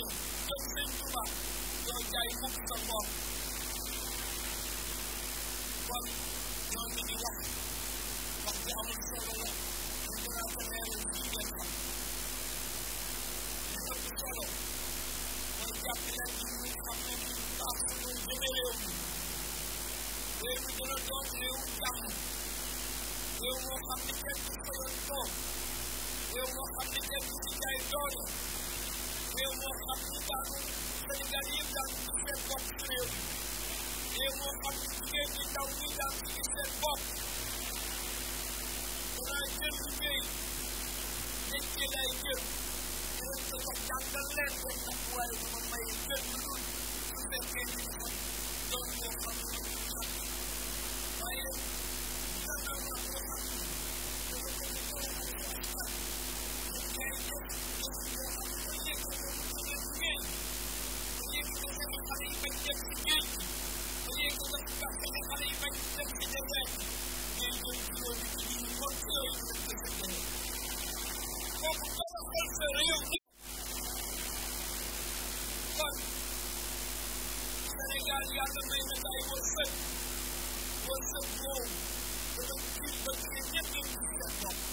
jëf jëf sëñ Tuuba doo jaay mukk sa bopp kon ñoo ngi di wax wax ji amul solo la ñu gën a ko leeral ci ngeen xam li ëpp solo mooy jàpp leen ci ñi xam ne ñu baax suñu jëme réew mi réew mi gën a doon réew jàmm réew moo xam ne kenn du solo toog réew moo xam ne kenn du si jaay doole réew moo xam ñu baax Sénégal yëpp daal ci seen bopp ci réew mi réew moo xam ne jigéen ñi ndaw ñi daal ci seen bopp. daal yàlla may na ay wërsëg wërsëg boobu dafa kii ba kii ñett yi ñu seen bopp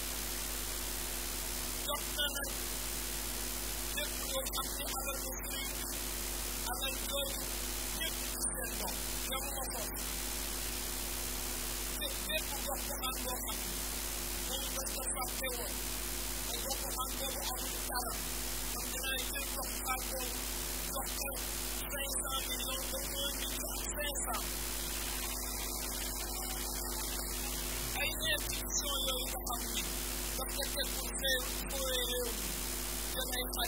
jox na nag lépp loo xam ne alal bu sëriñ bi alal jooju ñett yi seen bopp yam ma ko te bépp bopp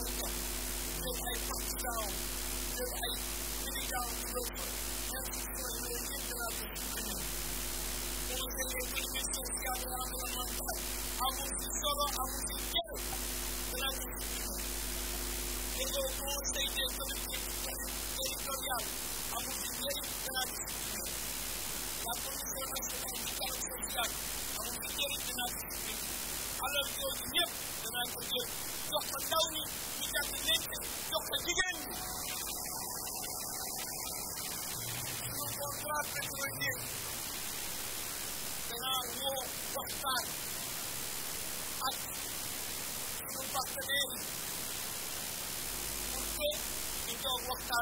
Bahia, meu pai Portugal, meu pai Miguel Europa, essas foram as entradas para mim. Eu tenho que me associar à minha vontade, a musicóloga, a musicóloga, para a disciplina. Eu estou sem dentro do territorial, a musicóloga para a disciplina. La Comisión Nacional de Educación Social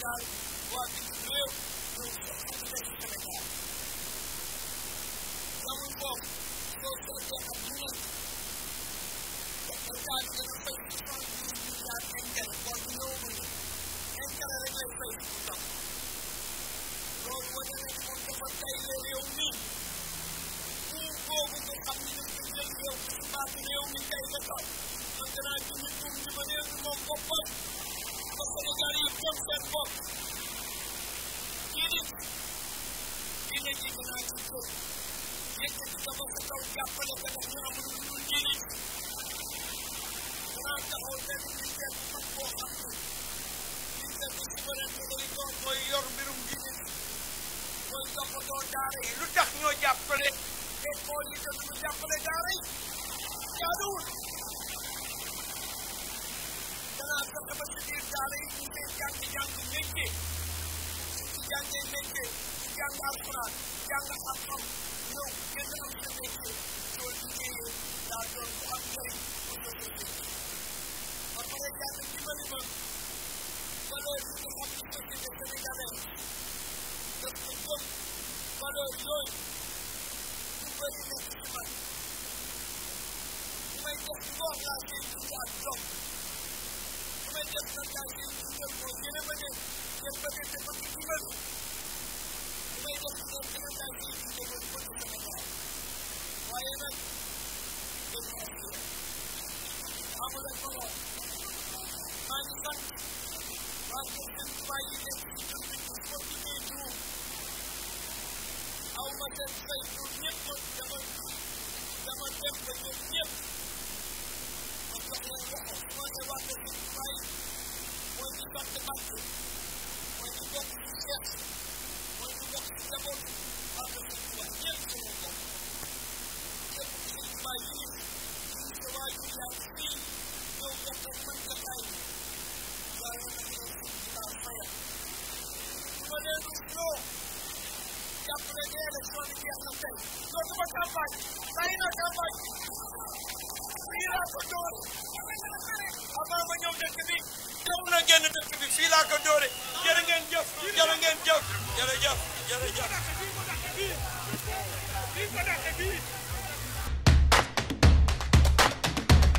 Sénégal waa bitim réew ñoom sax ñu nekk Sénégal. jamono boobu soo soobee ak ñeneen état bi dafa fay diine ji mën a àgg ko yéen it dama ko taw jàppale ko ndax ñu amul lu dul diine ji dinaa taxaw benn ministère bu mag boo xam ne ministère bi souverain bi mooy doon mooy yor mbirum diine ji mooy toppatoo daara yi lu tax ñoo jàppale te xool li ko ñu jàppale daara yi jaaduwul danaa fexe ba ci biir daara yi ñu ngi jàng jàng métier su ci jàngee métier jàng alxuraan jàng xam-xam ñëw gën a am sa métier soo liggéeyee daa doon bu am njëriñ pour sa société ba pare yàlla dimbali ma valeur yi nga xam ne société sénégalaise daf ko gëm valeur yooyu bu bëri nekk ci man bu may def ngor laa ciy dund ak jom bu may def nag laa ciy dundal ko yéene ma ne yéen ba ngeen defal Yep. belediye elektronik yasası sözüme kampanya, sayına kampanya. Fii laa ko doore. avant ma ñëw dëkk bi gëm na génn dëkk bi fii laa ko doore jërë ngeen jëf jërë ngeen jëf jërëjëf jërëjëf.